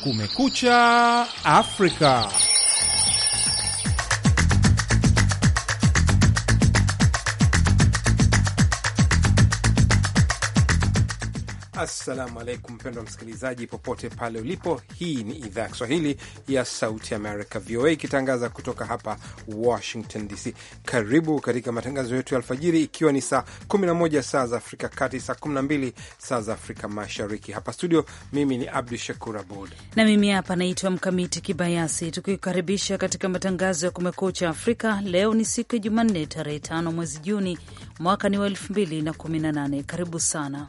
Kumekucha Afrika. Assalamu alaikum, mpendwa msikilizaji, popote pale ulipo. Hii ni idhaa ya Kiswahili ya Sauti Amerika, VOA, ikitangaza kutoka hapa Washington DC. Karibu katika matangazo yetu ya alfajiri, ikiwa ni saa 11 saa za Afrika Kati, saa 12 saa za Afrika Mashariki. Hapa studio, mimi ni Abdu Shakur Abud na mimi hapa naitwa Mkamiti Kibayasi, tukikaribisha katika matangazo ya Kumekucha Afrika. Leo ni siku ya Jumanne, tarehe 5 mwezi Juni, mwaka ni wa 2018. Karibu sana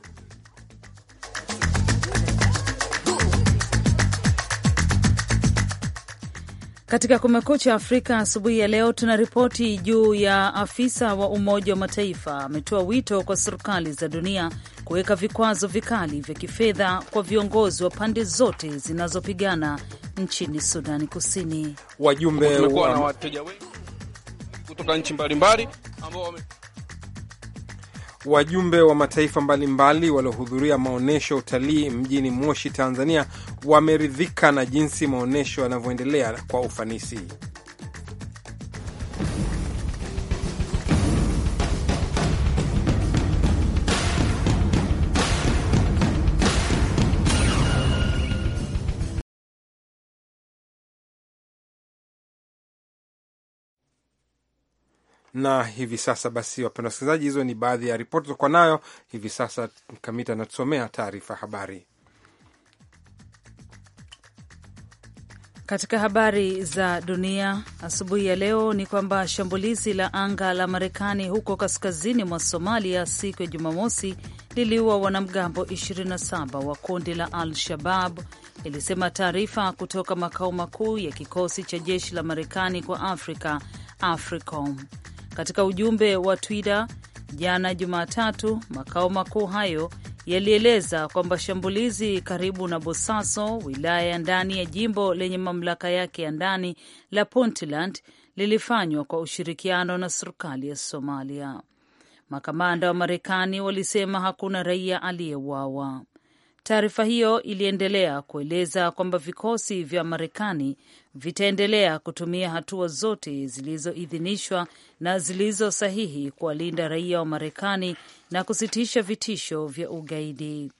Katika Kumekucha Afrika asubuhi ya leo tuna ripoti juu ya afisa wa Umoja wa Mataifa ametoa wito kwa serikali za dunia kuweka vikwazo vikali vya kifedha kwa viongozi wa pande zote zinazopigana nchini Sudani Kusini. Wajumbe wa... na wateja wengi kutoka nchi mbalimbali ambao wame Wajumbe wa mataifa mbalimbali waliohudhuria maonyesho ya utalii mjini Moshi, Tanzania, wameridhika na jinsi maonyesho yanavyoendelea kwa ufanisi. na hivi sasa basi, wapenda wasikilizaji, hizo ni baadhi ya ripoti tokwa nayo hivi sasa. Kamita anatusomea taarifa habari. Katika habari za dunia asubuhi ya leo ni kwamba shambulizi la anga la Marekani huko kaskazini mwa Somalia siku ya Jumamosi liliua wanamgambo 27 wa kundi la Al-Shabab, ilisema taarifa kutoka makao makuu ya kikosi cha jeshi la Marekani kwa Afrika, AFRICOM. Katika ujumbe wa Twitter jana Jumatatu, makao makuu hayo yalieleza kwamba shambulizi karibu na Bosaso, wilaya ya ndani ya jimbo lenye mamlaka yake ya ndani la Puntland, lilifanywa kwa ushirikiano na serikali ya Somalia. Makamanda wa Marekani walisema hakuna raia aliyeuawa. Taarifa hiyo iliendelea kueleza kwamba vikosi vya Marekani vitaendelea kutumia hatua zote zilizoidhinishwa na zilizo sahihi kuwalinda raia wa Marekani na kusitisha vitisho vya ugaidi.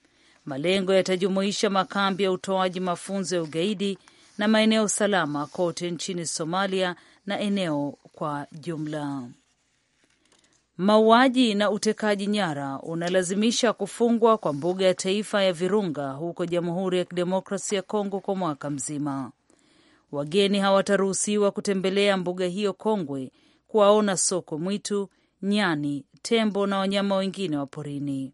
Malengo yatajumuisha makambi ya utoaji mafunzo ya ugaidi na maeneo salama kote nchini Somalia na eneo kwa jumla. Mauaji na utekaji nyara unalazimisha kufungwa kwa mbuga ya taifa ya Virunga huko Jamhuri ya Kidemokrasia ya Kongo kwa mwaka mzima. Wageni hawataruhusiwa kutembelea mbuga hiyo kongwe, kuwaona soko mwitu, nyani, tembo na wanyama wengine wa porini.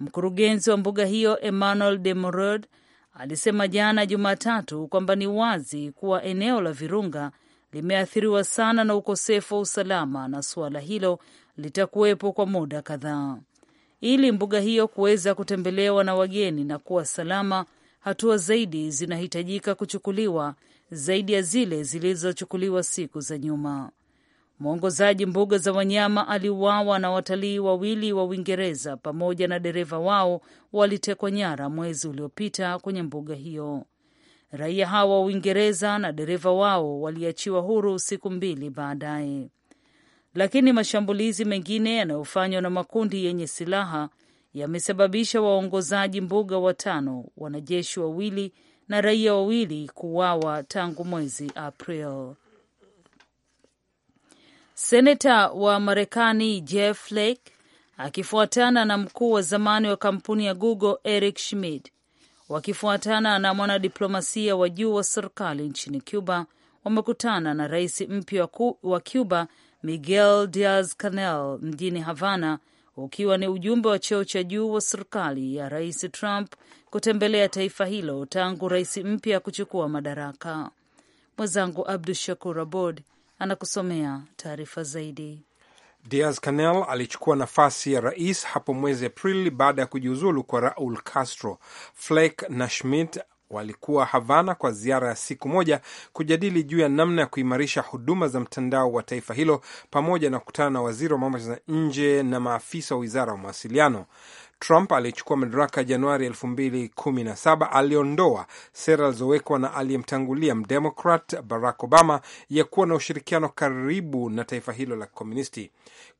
Mkurugenzi wa mbuga hiyo Emmanuel de Morod alisema jana Jumatatu kwamba ni wazi kuwa eneo la Virunga limeathiriwa sana na ukosefu wa usalama na suala hilo litakuwepo kwa muda kadhaa. Ili mbuga hiyo kuweza kutembelewa na wageni na kuwa salama, hatua zaidi zinahitajika kuchukuliwa zaidi ya zile zilizochukuliwa siku za nyuma. Mwongozaji mbuga za wanyama aliuawa na watalii wawili wa Uingereza pamoja na dereva wao walitekwa nyara mwezi uliopita kwenye mbuga hiyo. Raia hawa wa Uingereza na dereva wao waliachiwa huru siku mbili baadaye lakini mashambulizi mengine yanayofanywa na makundi yenye silaha yamesababisha waongozaji mbuga watano, wanajeshi wawili na raia wawili kuuawa tangu mwezi April. Seneta wa Marekani Jeff Flake akifuatana na mkuu wa zamani wa kampuni ya Google Eric Schmidt wakifuatana na mwanadiplomasia wa juu wa serikali nchini Cuba wamekutana na rais mpya wa Cuba Miguel Diaz Canel mjini Havana, ukiwa ni ujumbe wa cheo cha juu wa serikali ya Rais Trump kutembelea taifa hilo tangu rais mpya kuchukua madaraka. Mwenzangu Abdu Shakur Abod anakusomea taarifa zaidi. Diaz Canel alichukua nafasi ya rais hapo mwezi Aprili baada ya kujiuzulu kwa Raul Castro. Flake na Schmidt walikuwa Havana kwa ziara ya siku moja kujadili juu ya namna ya kuimarisha huduma za mtandao wa taifa hilo pamoja na kukutana na waziri wa mambo ya nje na maafisa wa wizara ya mawasiliano. Trump aliyechukua madaraka Januari 2017 aliondoa sera alizowekwa na aliyemtangulia mdemokrat Barack Obama ya kuwa na ushirikiano karibu na taifa hilo la kikomunisti.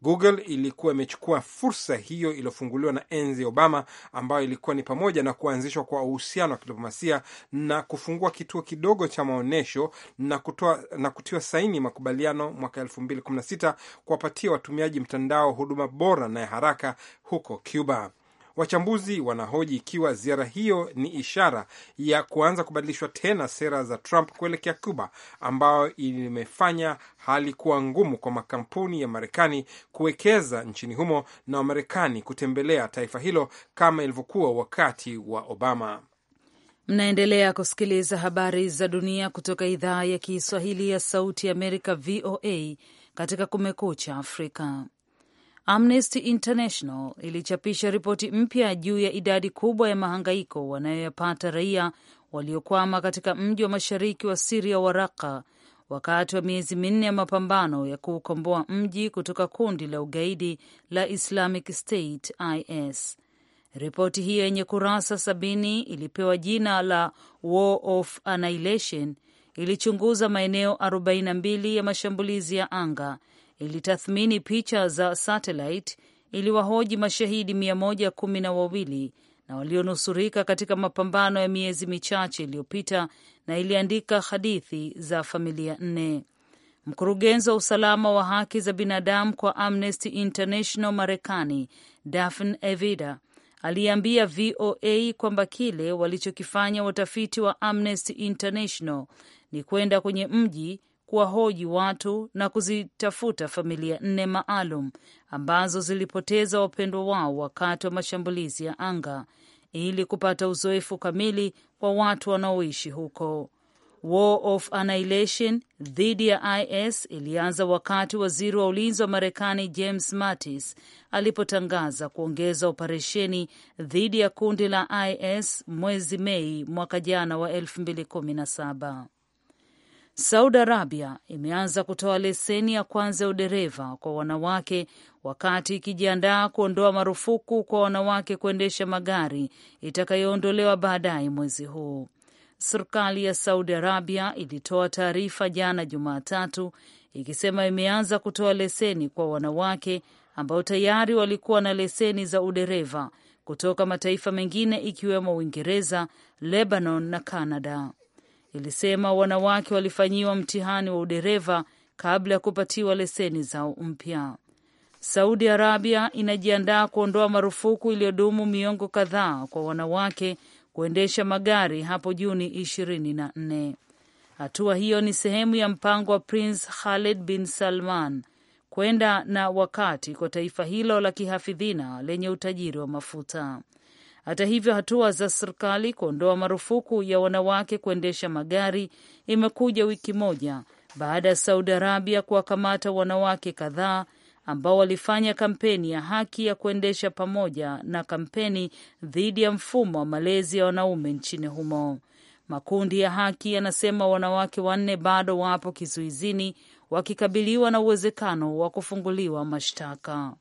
Google ilikuwa imechukua fursa hiyo iliyofunguliwa na enzi ya Obama, ambayo ilikuwa ni pamoja na kuanzishwa kwa uhusiano wa kidiplomasia na kufungua kituo kidogo cha maonyesho na, kutoa, na kutiwa saini makubaliano mwaka 2016 kuwapatia watumiaji mtandao huduma bora na ya haraka huko Cuba. Wachambuzi wanahoji ikiwa ziara hiyo ni ishara ya kuanza kubadilishwa tena sera za Trump kuelekea Cuba, ambayo imefanya hali kuwa ngumu kwa makampuni ya Marekani kuwekeza nchini humo na Wamarekani kutembelea taifa hilo kama ilivyokuwa wakati wa Obama. Mnaendelea kusikiliza habari za dunia kutoka idhaa ya Kiswahili ya Sauti ya Amerika, VOA, katika Kumekucha Afrika. Amnesty International ilichapisha ripoti mpya juu ya idadi kubwa ya mahangaiko wanayoyapata raia waliokwama katika mji wa mashariki wa Siria wa Raka wakati wa miezi minne ya mapambano ya kuukomboa mji kutoka kundi la ugaidi la Islamic State IS. Ripoti hiyo yenye kurasa sabini ilipewa jina la War of Annihilation. Ilichunguza maeneo 42 ya mashambulizi ya anga ilitathmini picha za satellite, iliwahoji mashahidi mia moja kumi na wawili na walionusurika katika mapambano ya miezi michache iliyopita na iliandika hadithi za familia nne. Mkurugenzi wa usalama wa haki za binadamu kwa Amnesty International Marekani, Daphne Evida aliambia VOA kwamba kile walichokifanya watafiti wa Amnesty International ni kwenda kwenye mji kuwahoji watu na kuzitafuta familia nne maalum ambazo zilipoteza wapendwa wao wakati wa mashambulizi ya anga ili kupata uzoefu kamili kwa watu wanaoishi huko. War of Annihilation dhidi ya IS ilianza wakati waziri wa ulinzi wa Marekani James Mattis alipotangaza kuongeza operesheni dhidi ya kundi la IS mwezi Mei mwaka jana wa 2017. Saudi Arabia imeanza kutoa leseni ya kwanza ya udereva kwa wanawake wakati ikijiandaa kuondoa marufuku kwa wanawake kuendesha magari itakayoondolewa baadaye mwezi huu. Serikali ya Saudi Arabia ilitoa taarifa jana Jumatatu ikisema imeanza kutoa leseni kwa wanawake ambao tayari walikuwa na leseni za udereva kutoka mataifa mengine ikiwemo Uingereza, Lebanon na Canada ilisema wanawake walifanyiwa mtihani wa udereva kabla ya kupatiwa leseni zao mpya. Saudi Arabia inajiandaa kuondoa marufuku iliyodumu miongo kadhaa kwa wanawake kuendesha magari hapo Juni 24. Hatua hiyo ni sehemu ya mpango wa Prince Khaled bin Salman kwenda na wakati kwa taifa hilo la kihafidhina lenye utajiri wa mafuta. Hata hivyo, hatua za serikali kuondoa marufuku ya wanawake kuendesha magari imekuja wiki moja baada ya Saudi Arabia kuwakamata wanawake kadhaa ambao walifanya kampeni ya haki ya kuendesha pamoja na kampeni dhidi ya mfumo wa malezi ya wanaume nchini humo. Makundi ya haki yanasema wanawake wanne bado wapo kizuizini wakikabiliwa na uwezekano wa kufunguliwa mashtaka.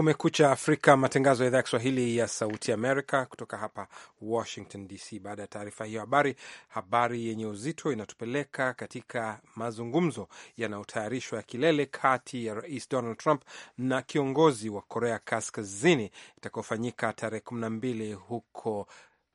Kumekucha Afrika, matangazo ya idhaa ya Kiswahili ya Sauti Amerika kutoka hapa Washington DC. Baada ya taarifa hiyo habari, habari yenye uzito inatupeleka katika mazungumzo yanayotayarishwa ya kilele kati ya Rais Donald Trump na kiongozi wa Korea Kaskazini itakayofanyika tarehe kumi na mbili huko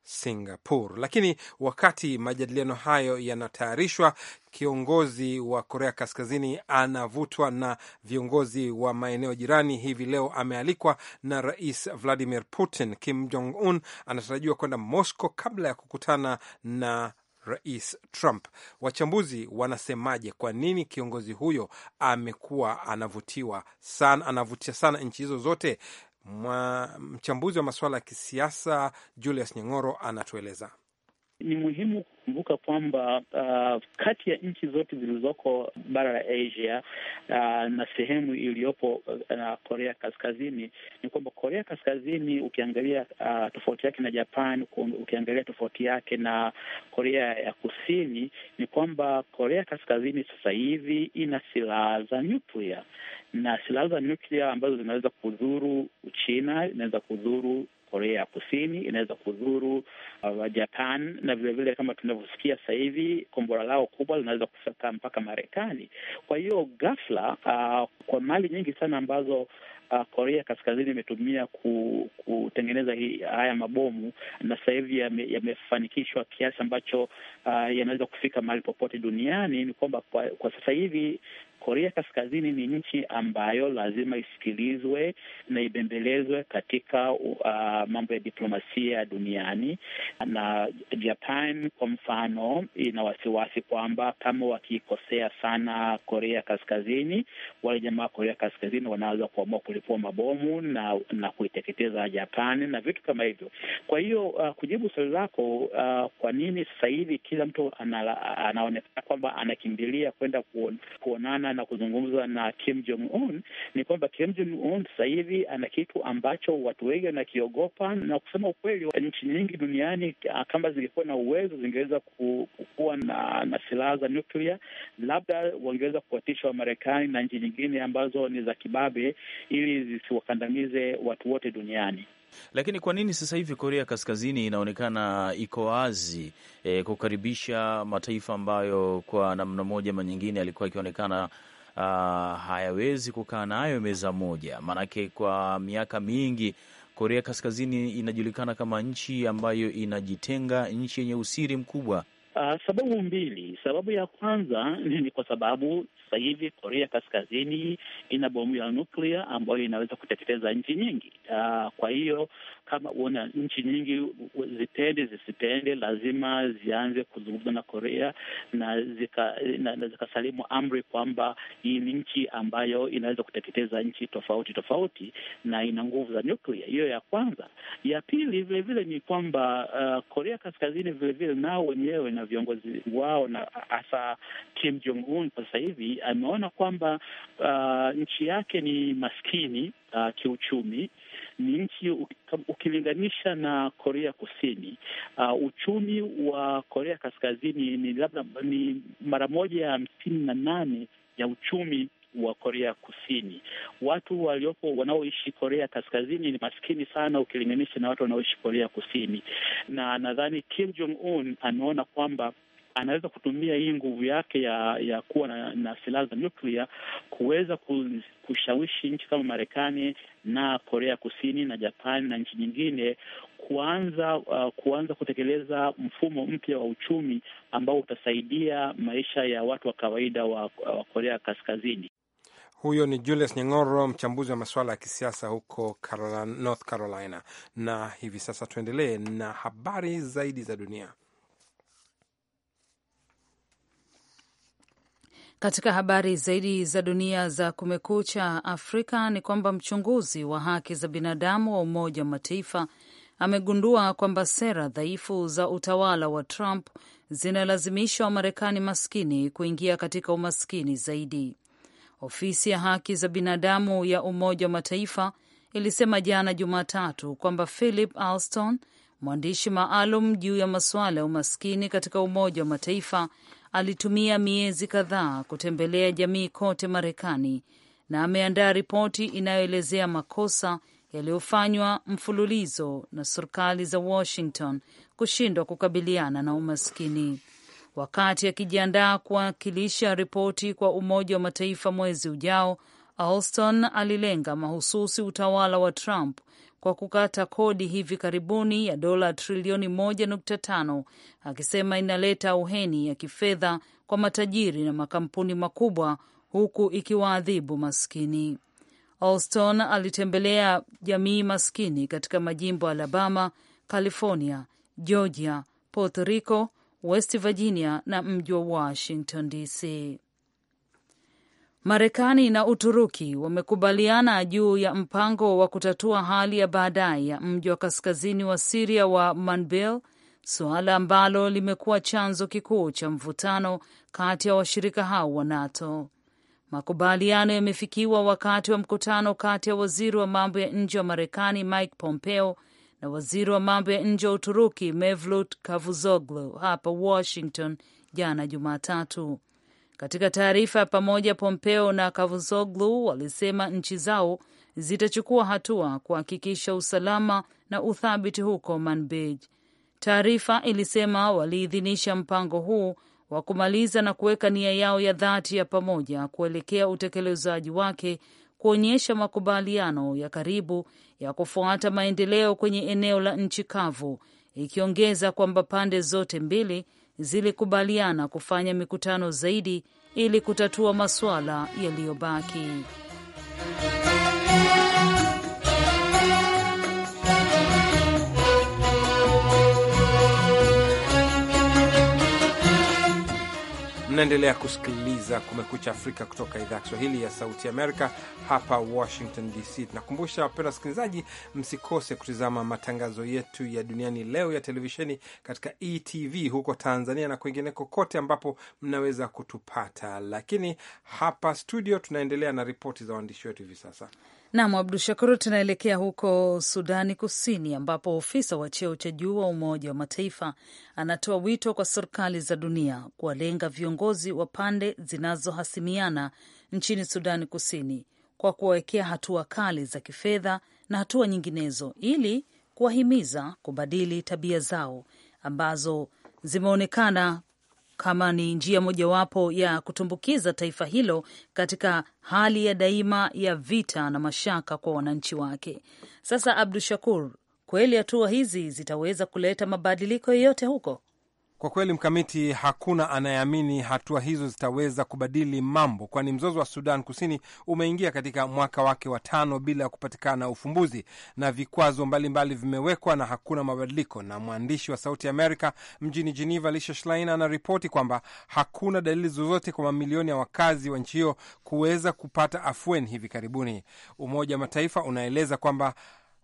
Singapore. Lakini wakati majadiliano hayo yanatayarishwa, kiongozi wa Korea Kaskazini anavutwa na viongozi wa maeneo jirani. Hivi leo amealikwa na Rais Vladimir Putin. Kim Jong Un anatarajiwa kwenda Moscow kabla ya kukutana na Rais Trump. Wachambuzi wanasemaje? Kwa nini kiongozi huyo amekuwa anavutiwa sana, anavutia sana nchi hizo zote? Mchambuzi wa masuala ya kisiasa Julius Nyang'oro anatueleza. Ni muhimu kukumbuka kwamba uh, kati ya nchi zote zilizoko bara la Asia uh, na sehemu iliyopo uh, na uh, Korea Kaskazini ni kwamba Korea Kaskazini ukiangalia uh, tofauti yake na Japan, ukiangalia tofauti yake na Korea ya Kusini ni kwamba Korea Kaskazini sasa hivi ina silaha za nyuklia na silaha za nyuklia ambazo zinaweza kudhuru Uchina, inaweza kudhuru Korea ya Kusini, inaweza kudhuru uh, Japan na vilevile, kama tunavyosikia sasa hivi kombora lao kubwa linaweza kufika mpaka Marekani. Kwa hiyo ghafla, uh, kwa mali nyingi sana ambazo Uh, Korea Kaskazini imetumia ku, kutengeneza hi, haya mabomu na sasa hivi yamefanikishwa me, ya kiasi ambacho uh, yanaweza kufika mahali popote duniani. Ni kwamba kwa, kwa sasa hivi Korea Kaskazini ni nchi ambayo lazima isikilizwe na ibembelezwe katika uh, mambo ya diplomasia duniani. Na Japan kwa mfano, ina wasiwasi kwamba kama wakiikosea sana Korea Kaskazini, wale jamaa wa Korea Kaskazini wanaweza kuamua kulipua mabomu na, na kuiteketeza Japan na vitu kama hivyo. Kwa hiyo uh, kujibu swali lako, uh, kwa nini sasa hivi kila mtu anaonekana kwamba anakimbilia kwenda kuonana kuonana na kuzungumza na Kim Jong Un ni kwamba Kim Jong Un sasa hivi ana kitu ambacho watu wengi wanakiogopa, na kusema ukweli, nchi nyingi duniani ah, kama zingekuwa na uwezo zingeweza kuwa na, na silaha za nuklia, labda wangeweza kuwatisha Wamarekani na nchi nyingine ambazo ni za kibabe, ili zisiwakandamize watu wote duniani. Lakini kwa nini sasa hivi Korea Kaskazini inaonekana iko wazi e, kukaribisha mataifa ambayo kwa namna moja ama nyingine yalikuwa ikionekana Uh, hayawezi kukaa nayo meza moja, maanake kwa miaka mingi Korea Kaskazini inajulikana kama nchi ambayo inajitenga, nchi yenye usiri mkubwa. Uh, sababu mbili. Sababu ya kwanza ni kwa sababu sasa hivi Korea Kaskazini ina bomu ya nuklia ambayo inaweza kuteketeza nchi nyingi. Uh, kwa hiyo kama una nchi nyingi zipende zisipende, lazima zianze kuzungumza na Korea na zikasalimu zika amri kwamba hii ni nchi ambayo inaweza kuteketeza nchi tofauti tofauti na ina nguvu za nuklia. Hiyo ya kwanza. Ya pili vilevile ni kwamba uh, Korea Kaskazini vilevile nao wenyewe na viongozi wao na hasa Kim Jong Un kwa sasa hivi ameona kwamba uh, nchi yake ni maskini uh, kiuchumi ni nchi ukilinganisha na Korea Kusini. Uh, uchumi wa Korea Kaskazini ni labda ni mara moja ya hamsini na nane ya uchumi wa Korea Kusini. Watu waliopo wanaoishi Korea Kaskazini ni maskini sana ukilinganisha na watu wanaoishi Korea Kusini, na nadhani Kim Jong Un ameona kwamba anaweza kutumia hii nguvu yake ya ya kuwa na, na silaha za nyuklia kuweza kushawishi nchi kama Marekani na Korea Kusini na Japani na nchi nyingine kuanza uh, kuanza kutekeleza mfumo mpya wa uchumi ambao utasaidia maisha ya watu wa kawaida wa, wa Korea Kaskazini. Huyo ni Julius Nyang'oro, mchambuzi wa masuala ya kisiasa huko North Carolina. Na hivi sasa tuendelee na habari zaidi za dunia. Katika habari zaidi za dunia za Kumekucha Afrika ni kwamba mchunguzi wa haki za binadamu wa Umoja wa Mataifa amegundua kwamba sera dhaifu za utawala wa Trump zinalazimisha Wamarekani maskini kuingia katika umaskini zaidi. Ofisi ya haki za binadamu ya Umoja wa Mataifa ilisema jana Jumatatu kwamba Philip Alston, mwandishi maalum juu ya masuala ya umaskini katika Umoja wa Mataifa, alitumia miezi kadhaa kutembelea jamii kote Marekani na ameandaa ripoti inayoelezea makosa yaliyofanywa mfululizo na serikali za Washington kushindwa kukabiliana na umaskini. Wakati akijiandaa kuwakilisha ripoti kwa Umoja wa Mataifa mwezi ujao, Alston alilenga mahususi utawala wa Trump kwa kukata kodi hivi karibuni ya dola trilioni 1.5 akisema inaleta uheni ya kifedha kwa matajiri na makampuni makubwa huku ikiwaadhibu maskini. Alston alitembelea jamii maskini katika majimbo Alabama, California, Georgia, Puerto Rico, West Virginia na mji wa Washington DC. Marekani na Uturuki wamekubaliana juu ya mpango wa kutatua hali ya baadaye ya mji wa kaskazini wa Siria wa Manbel, suala ambalo limekuwa chanzo kikuu cha mvutano kati ya washirika hao wa NATO. Makubaliano yamefikiwa wakati wa mkutano kati ya waziri wa mambo ya nje wa Marekani Mike Pompeo na waziri wa mambo ya nje wa Uturuki Mevlut Cavusoglu hapa Washington jana Jumatatu. Katika taarifa ya pamoja, Pompeo na Cavusoglu walisema nchi zao zitachukua hatua kuhakikisha usalama na uthabiti huko Manbij. Taarifa ilisema waliidhinisha mpango huu wa kumaliza na kuweka nia yao ya dhati ya pamoja kuelekea utekelezaji wake, kuonyesha makubaliano ya karibu ya kufuata maendeleo kwenye eneo la nchi kavu, ikiongeza kwamba pande zote mbili zilikubaliana kufanya mikutano zaidi ili kutatua masuala yaliyobaki. Mnaendelea kusikiliza Kumekucha Afrika kutoka idhaa ya Kiswahili ya Sauti Amerika hapa Washington DC. Tunakumbusha wapenda wasikilizaji, msikose kutizama matangazo yetu ya Duniani Leo ya televisheni katika ETV huko Tanzania na kwingineko kote ambapo mnaweza kutupata. Lakini hapa studio tunaendelea na ripoti za waandishi wetu hivi sasa. Nam Abdu Shakur, tunaelekea huko Sudani Kusini, ambapo ofisa wa cheo cha juu wa Umoja wa Mataifa anatoa wito kwa serikali za dunia kuwalenga viongozi wa pande zinazohasimiana nchini Sudani Kusini kwa kuwawekea hatua kali za kifedha na hatua nyinginezo ili kuwahimiza kubadili tabia zao ambazo zimeonekana kama ni njia mojawapo ya kutumbukiza taifa hilo katika hali ya daima ya vita na mashaka kwa wananchi wake. Sasa, Abdu Shakur, kweli hatua hizi zitaweza kuleta mabadiliko yoyote huko? Kwa kweli mkamiti, hakuna anayeamini hatua hizo zitaweza kubadili mambo, kwani mzozo wa Sudan Kusini umeingia katika mwaka wake wa tano bila ya kupatikana ufumbuzi, na vikwazo mbalimbali vimewekwa na hakuna mabadiliko. Na mwandishi wa Sauti Amerika mjini Geneva, Lisha Schlein, anaripoti kwamba hakuna dalili zozote kwa mamilioni ya wakazi wa nchi hiyo kuweza kupata afueni hivi karibuni. Umoja wa Mataifa unaeleza kwamba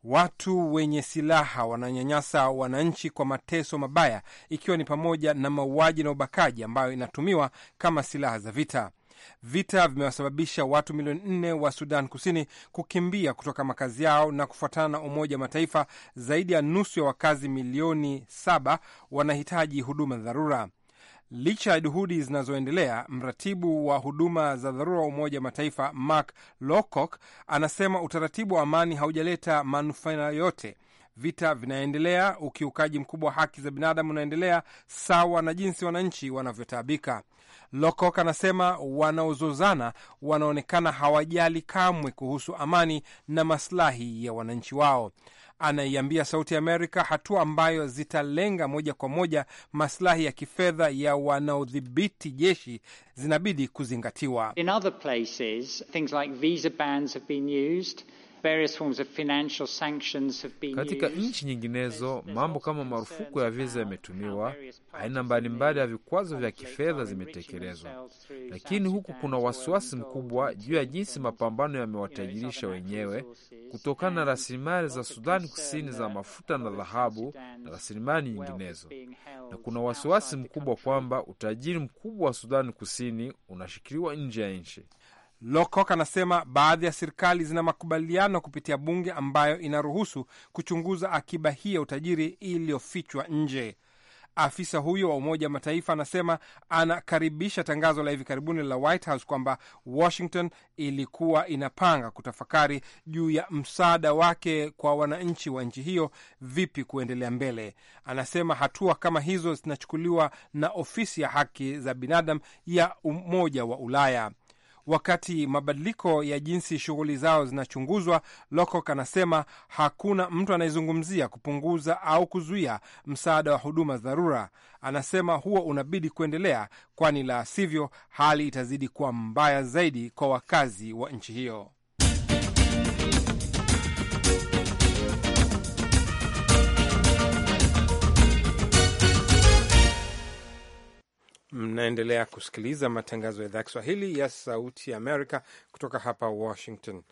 Watu wenye silaha wananyanyasa wananchi kwa mateso mabaya, ikiwa ni pamoja na mauaji na ubakaji ambayo inatumiwa kama silaha za vita. Vita vimewasababisha watu milioni nne wa Sudan Kusini kukimbia kutoka makazi yao, na kufuatana na Umoja wa Mataifa, zaidi ya nusu ya wakazi milioni saba wanahitaji huduma za dharura. Licha ya juhudi zinazoendelea, mratibu wa huduma za dharura wa Umoja wa Mataifa Mark Lowcock anasema utaratibu wa amani haujaleta manufaa yote. Vita vinaendelea, ukiukaji mkubwa wa haki za binadamu unaendelea, sawa na jinsi wananchi wanavyotaabika. Lokok anasema wanaozozana wanaonekana hawajali kamwe kuhusu amani na maslahi ya wananchi wao. Anaiambia Sauti Amerika hatua ambayo zitalenga moja kwa moja maslahi ya kifedha ya wanaodhibiti jeshi zinabidi kuzingatiwa. In other places, things like visa bans have been used. Katika nchi nyinginezo mambo kama marufuku ya viza yametumiwa, aina mbalimbali ya vikwazo vya kifedha zimetekelezwa, lakini huku kuna wasiwasi mkubwa juu ya jinsi mapambano yamewatajirisha wenyewe kutokana na rasilimali za Sudani Kusini za mafuta na dhahabu na rasilimali nyinginezo, na kuna wasiwasi mkubwa kwamba utajiri mkubwa wa Sudani Kusini unashikiliwa nje ya nchi. Lokok anasema baadhi ya serikali zina makubaliano kupitia bunge ambayo inaruhusu kuchunguza akiba hii ya utajiri iliyofichwa nje. Afisa huyo wa Umoja wa Mataifa anasema anakaribisha tangazo la hivi karibuni la White House kwamba Washington ilikuwa inapanga kutafakari juu ya msaada wake kwa wananchi wa nchi hiyo, vipi kuendelea mbele. Anasema hatua kama hizo zinachukuliwa na ofisi ya haki za binadamu ya Umoja wa Ulaya wakati mabadiliko ya jinsi shughuli zao zinachunguzwa. Lokok anasema hakuna mtu anayezungumzia kupunguza au kuzuia msaada wa huduma za dharura. Anasema huo unabidi kuendelea, kwani la sivyo hali itazidi kuwa mbaya zaidi kwa wakazi wa nchi hiyo. Mnaendelea kusikiliza matangazo ya idhaa ya Kiswahili ya Sauti ya Amerika kutoka hapa Washington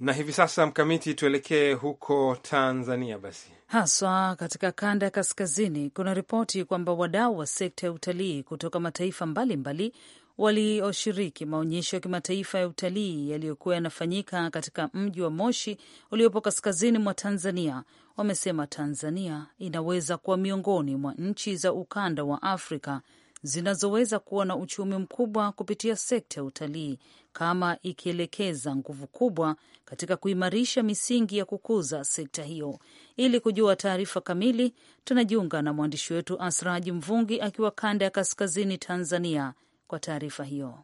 na hivi sasa Mkamiti, tuelekee huko Tanzania basi, haswa katika kanda ya kaskazini. Kuna ripoti kwamba wadau wa sekta ya utalii kutoka mataifa mbalimbali walioshiriki maonyesho ya kimataifa ya utalii yaliyokuwa yanafanyika katika mji wa Moshi uliopo kaskazini mwa Tanzania wamesema Tanzania inaweza kuwa miongoni mwa nchi za ukanda wa Afrika zinazoweza kuwa na uchumi mkubwa kupitia sekta ya utalii kama ikielekeza nguvu kubwa katika kuimarisha misingi ya kukuza sekta hiyo. Ili kujua taarifa kamili, tunajiunga na mwandishi wetu Asraji Mvungi akiwa kanda ya kaskazini Tanzania, kwa taarifa hiyo.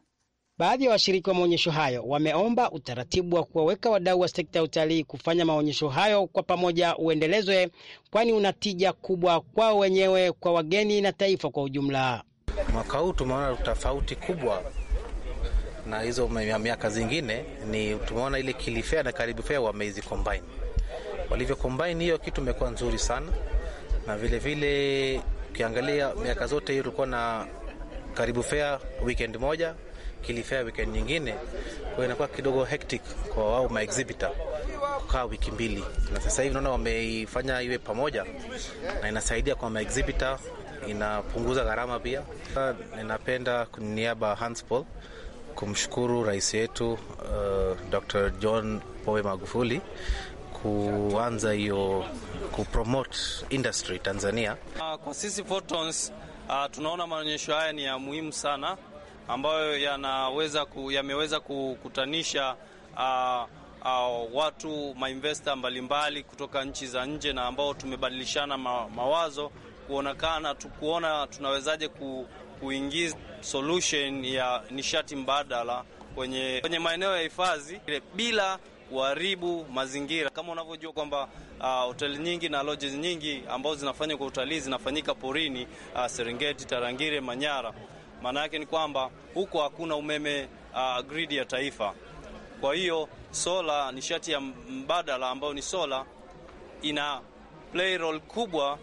Baadhi ya wa washiriki wa maonyesho hayo wameomba utaratibu wa kuwaweka wadau wa sekta ya utalii kufanya maonyesho hayo kwa pamoja uendelezwe, kwani una tija kubwa kwao wenyewe, kwa wageni na taifa kwa ujumla. Mwaka huu tumeona tofauti kubwa na hizo miaka zingine, ni tumeona ile Kilifea na Karibu Fea wamezi combine, walivyo combine, hiyo kitu imekuwa nzuri sana, na vilevile ukiangalia miaka zote hiyo tulikuwa na karibu fair weekend moja Kili fair weekend nyingine, kwa inakuwa kidogo hectic kwa wao ma exhibitor kukaa wiki mbili, na sasa hivi naona wameifanya iwe pamoja na inasaidia kwa ma exhibitor, inapunguza gharama pia. Ninapenda niaba Hanspol kumshukuru rais wetu uh, Dr. John Pombe Magufuli kuanza hiyo kupromote industry Tanzania. Uh, kwa sisi photons Uh, tunaona maonyesho haya ni ya muhimu sana ambayo yanaweza ku, yameweza kukutanisha uh, uh, watu mainvesta mbalimbali kutoka nchi za nje na ambao tumebadilishana ma, mawazo kuonekana tu, kuona tunawezaje ku, kuingiza solution ya nishati mbadala kwenye, kwenye maeneo ya hifadhi bila kuharibu mazingira. Kama unavyojua kwamba uh, hoteli uh, nyingi na lodges nyingi ambazo zinafanya kwa utalii zinafanyika porini, uh, Serengeti, Tarangire, Manyara. Maana yake ni kwamba huko hakuna umeme uh, gridi ya taifa. Kwa hiyo sola, nishati ya mbadala ambayo ni sola, ina play role kubwa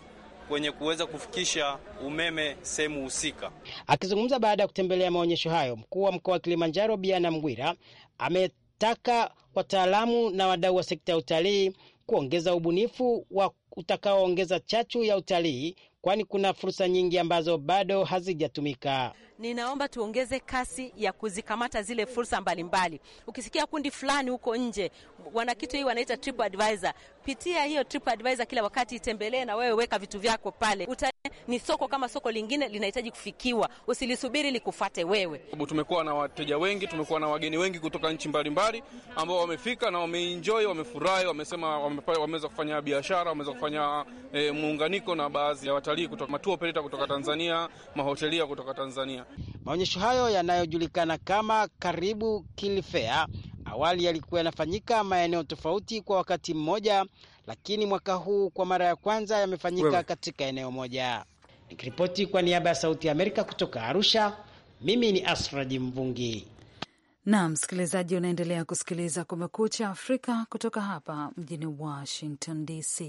kwenye kuweza kufikisha umeme sehemu husika. Akizungumza baada ya kutembelea maonyesho hayo, mkuu wa mkoa wa Kilimanjaro Biana Mgwira ame akitaka wataalamu na wadau wa sekta ya utalii kuongeza ubunifu wa utakaoongeza chachu ya utalii kwani kuna fursa nyingi ambazo bado hazijatumika. Ninaomba tuongeze kasi ya kuzikamata zile fursa mbalimbali. Ukisikia kundi fulani huko nje wana kitu hii wanaita pitia hiyo kila wakati, itembelee na wewe, weka vitu vyako pale Uta ni soko kama soko lingine, linahitaji kufikiwa, usilisubiri likufate wewe. Tumekuwa na wateja wengi, tumekuwa na wageni wengi kutoka nchi mbalimbali ambao wamefika na wameenjoy, wamefurahi, wamesema wameweza kufanya biashara, wameweza kufanya e, muunganiko na baadhi ya watalii kutoka matuo pereta kutoka Tanzania, mahotelia kutoka Tanzania. Maonyesho hayo yanayojulikana kama Karibu kilifea awali yalikuwa yanafanyika maeneo tofauti kwa wakati mmoja lakini mwaka huu kwa mara ya kwanza yamefanyika katika eneo moja. Nikiripoti kwa niaba ya Sauti ya Amerika kutoka Arusha, mimi ni Asraji Mvungi. Na msikilizaji, unaendelea kusikiliza Kumekucha Afrika kutoka hapa mjini Washington DC.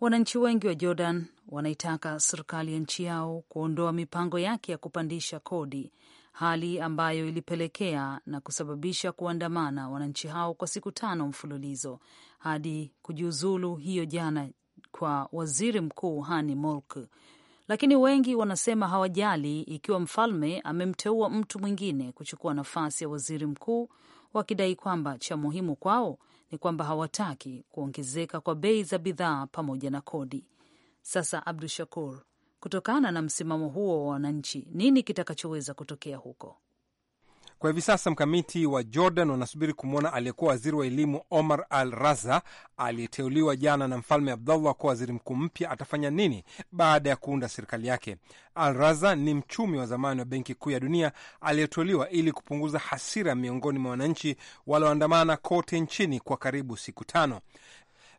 Wananchi wengi wa Jordan wanaitaka serikali ya nchi yao kuondoa mipango yake ya kupandisha kodi, hali ambayo ilipelekea na kusababisha kuandamana wananchi hao kwa siku tano mfululizo, hadi kujiuzulu hiyo jana kwa waziri mkuu Hani molk lakini wengi wanasema hawajali ikiwa mfalme amemteua mtu mwingine kuchukua nafasi ya waziri mkuu, wakidai kwamba cha muhimu kwao ni kwamba hawataki kuongezeka kwa bei za bidhaa pamoja na kodi. Sasa Abdu Shakur, kutokana na msimamo huo wa wananchi, nini kitakachoweza kutokea huko? Kwa hivi sasa mkamiti wa Jordan wanasubiri kumwona aliyekuwa waziri wa elimu Omar Al Raza aliyeteuliwa jana na Mfalme Abdullah kuwa waziri mkuu mpya atafanya nini baada ya kuunda serikali yake. Al Raza ni mchumi wa zamani wa Benki Kuu ya Dunia aliyeteuliwa ili kupunguza hasira miongoni mwa wananchi walioandamana kote nchini kwa karibu siku tano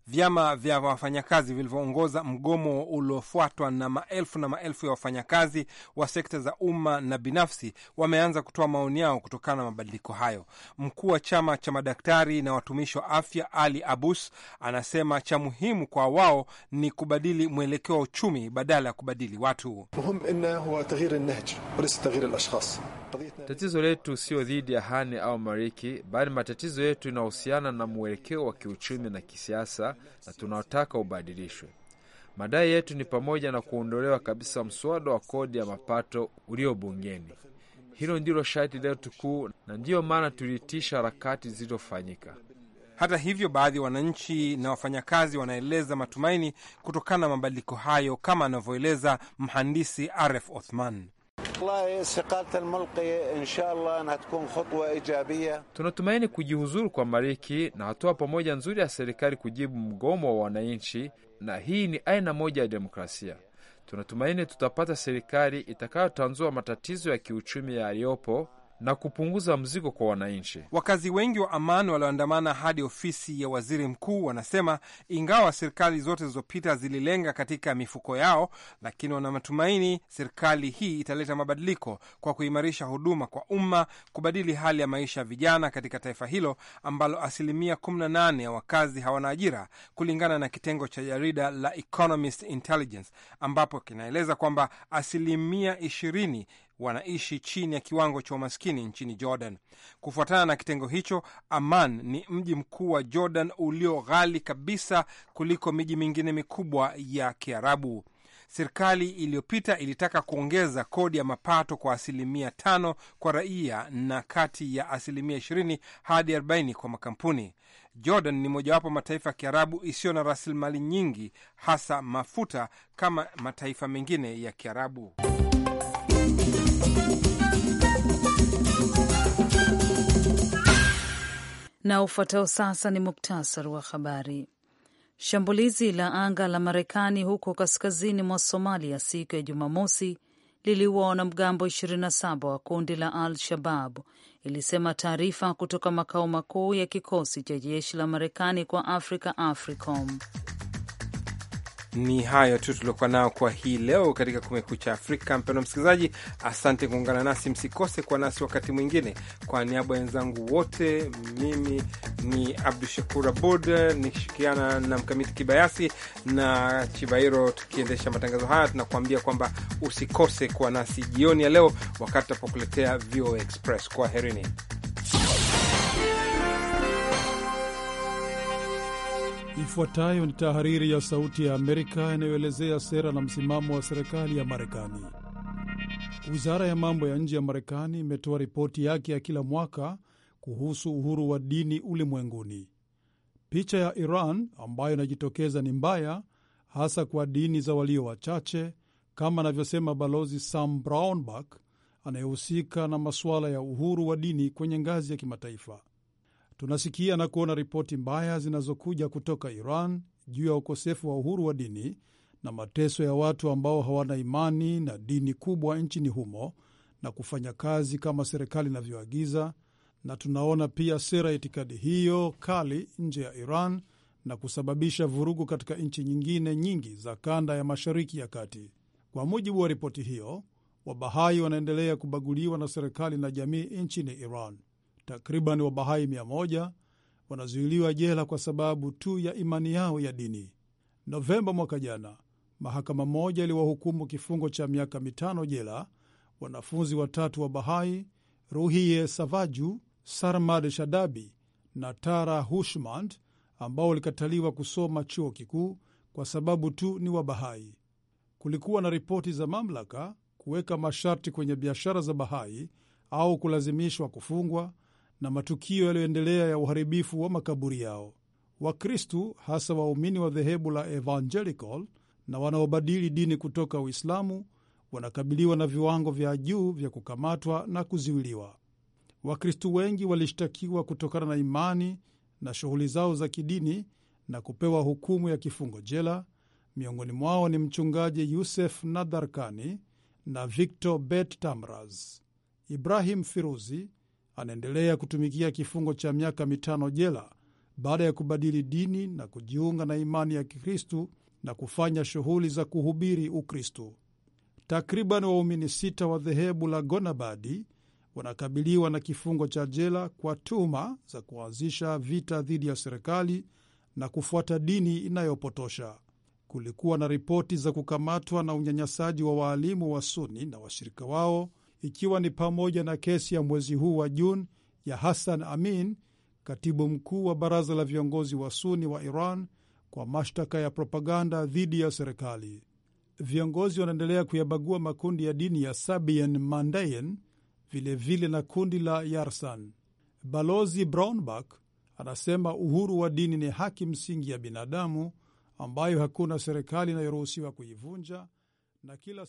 vyama vya wafanyakazi vilivyoongoza mgomo uliofuatwa na maelfu na maelfu ya wafanyakazi wa sekta za umma na binafsi wameanza kutoa maoni yao kutokana na mabadiliko hayo. Mkuu wa chama cha madaktari na watumishi wa afya Ali Abus anasema cha muhimu kwa wao ni kubadili mwelekeo wa uchumi badala ya kubadili watu. Tatizo letu sio dhidi ya Hani au Mariki, bali matatizo yetu inahusiana na mwelekeo wa kiuchumi na kisiasa, na tunaotaka ubadilishwe. Madai yetu ni pamoja na kuondolewa kabisa mswada wa kodi ya mapato ulio bungeni. Hilo ndilo sharti letu kuu, na ndiyo maana tuliitisha harakati zilizofanyika. Hata hivyo, baadhi ya wananchi na wafanyakazi wanaeleza matumaini kutokana na mabadiliko hayo, kama anavyoeleza mhandisi Aref Othman. Wallahi, istiqalat Tunatumaini kujihuzuru kwa mariki na hatua pamoja nzuri ya serikali kujibu mgomo wa wananchi, na hii ni aina moja ya demokrasia. Tunatumaini tutapata serikali itakayotanzua matatizo ya kiuchumi yaliyopo ya na kupunguza mzigo kwa wananchi. Wakazi wengi wa aman walioandamana hadi ofisi ya waziri mkuu wanasema ingawa serikali zote zilizopita zililenga katika mifuko yao, lakini wana matumaini serikali hii italeta mabadiliko kwa kuimarisha huduma kwa umma, kubadili hali ya maisha ya vijana katika taifa hilo ambalo asilimia 18 ya wakazi hawana ajira, kulingana na kitengo cha jarida la Economist Intelligence, ambapo kinaeleza kwamba asilimia 20 wanaishi chini ya kiwango cha umaskini nchini Jordan. Kufuatana na kitengo hicho, aman ni mji mkuu wa Jordan ulio ghali kabisa kuliko miji mingine mikubwa ya Kiarabu. Serikali iliyopita ilitaka kuongeza kodi ya mapato kwa asilimia tano kwa raia na kati ya asilimia ishirini hadi arobaini kwa makampuni. Jordan ni mojawapo mataifa ya Kiarabu isiyo na rasilimali nyingi, hasa mafuta, kama mataifa mengine ya Kiarabu. Na ufuatao sasa ni muktasari wa habari. Shambulizi la anga la Marekani huko kaskazini mwa Somalia siku ya Jumamosi liliua wanamgambo 27 wa kundi la Al Shabab, ilisema taarifa kutoka makao makuu ya kikosi cha jeshi la Marekani kwa Afrika, AFRICOM. Ni hayo tu tuliokuwa nao kwa hii leo katika Kumekucha Afrika. Mpendwa msikilizaji, asante kuungana nasi, msikose kuwa nasi wakati mwingine. Kwa niaba ya wenzangu wote, mimi ni Abdu Shakur Abud nikishirikiana na Mkamiti Kibayasi na Chibairo, tukiendesha matangazo haya, tunakuambia kwamba usikose kuwa nasi jioni ya leo wakati tutapokuletea VOA Express. Kwaherini. Ifuatayo ni tahariri ya Sauti ya Amerika inayoelezea sera na msimamo wa serikali ya Marekani. Wizara ya mambo ya nje ya Marekani imetoa ripoti yake ya kila mwaka kuhusu uhuru wa dini ulimwenguni. Picha ya Iran ambayo inajitokeza ni mbaya, hasa kwa dini za walio wachache, kama anavyosema Balozi Sam Brownback anayehusika na masuala ya uhuru wa dini kwenye ngazi ya kimataifa tunasikia na kuona ripoti mbaya zinazokuja kutoka Iran juu ya ukosefu wa uhuru wa dini na mateso ya watu ambao hawana imani na dini kubwa nchini humo na kufanya kazi kama serikali inavyoagiza, na tunaona pia sera ya itikadi hiyo kali nje ya Iran na kusababisha vurugu katika nchi nyingine nyingi za kanda ya Mashariki ya Kati. Kwa mujibu wa ripoti hiyo, Wabahai wanaendelea kubaguliwa na serikali na jamii nchini Iran. Takriban wa mia moja wanazuiliwa jela kwa sababu tu ya imani yao ya dini. Novemba mwaka jana, mahakama moja iliwahukumu kifungo cha miaka mitano jela wanafunzi watatu wa Bahai, Ruhiye Savaju, Sarmad Shadabi na Tara Hushmand ambao walikataliwa kusoma chuo kikuu kwa sababu tu ni Wabahai. Kulikuwa na ripoti za mamlaka kuweka masharti kwenye biashara za Bahai au kulazimishwa kufungwa na matukio yaliyoendelea ya uharibifu wa makaburi yao. Wakristu hasa waumini wa dhehebu la Evangelical na wanaobadili dini kutoka Uislamu wanakabiliwa na viwango vya juu vya kukamatwa na kuziwiliwa. Wakristu wengi walishtakiwa kutokana na imani na shughuli zao za kidini na kupewa hukumu ya kifungo jela. Miongoni mwao ni mchungaji Yusef Nadarkani na Victor Bet Tamraz. Ibrahim Firuzi anaendelea kutumikia kifungo cha miaka mitano jela baada ya kubadili dini na kujiunga na imani ya Kikristu na kufanya shughuli za kuhubiri Ukristu. Takriban waumini sita wa dhehebu la Gonabadi wanakabiliwa na kifungo cha jela kwa tuhuma za kuanzisha vita dhidi ya serikali na kufuata dini inayopotosha. Kulikuwa na ripoti za kukamatwa na unyanyasaji wa waalimu wa Suni na washirika wao ikiwa ni pamoja na kesi ya mwezi huu wa Juni ya Hassan Amin, katibu mkuu wa baraza la viongozi wa Suni wa Iran kwa mashtaka ya propaganda dhidi ya serikali. Viongozi wanaendelea kuyabagua makundi ya dini ya Sabian Mandayen vilevile na kundi la Yarsan. Balozi Brownback anasema uhuru wa dini ni haki msingi ya binadamu ambayo hakuna serikali inayoruhusiwa kuivunja na kila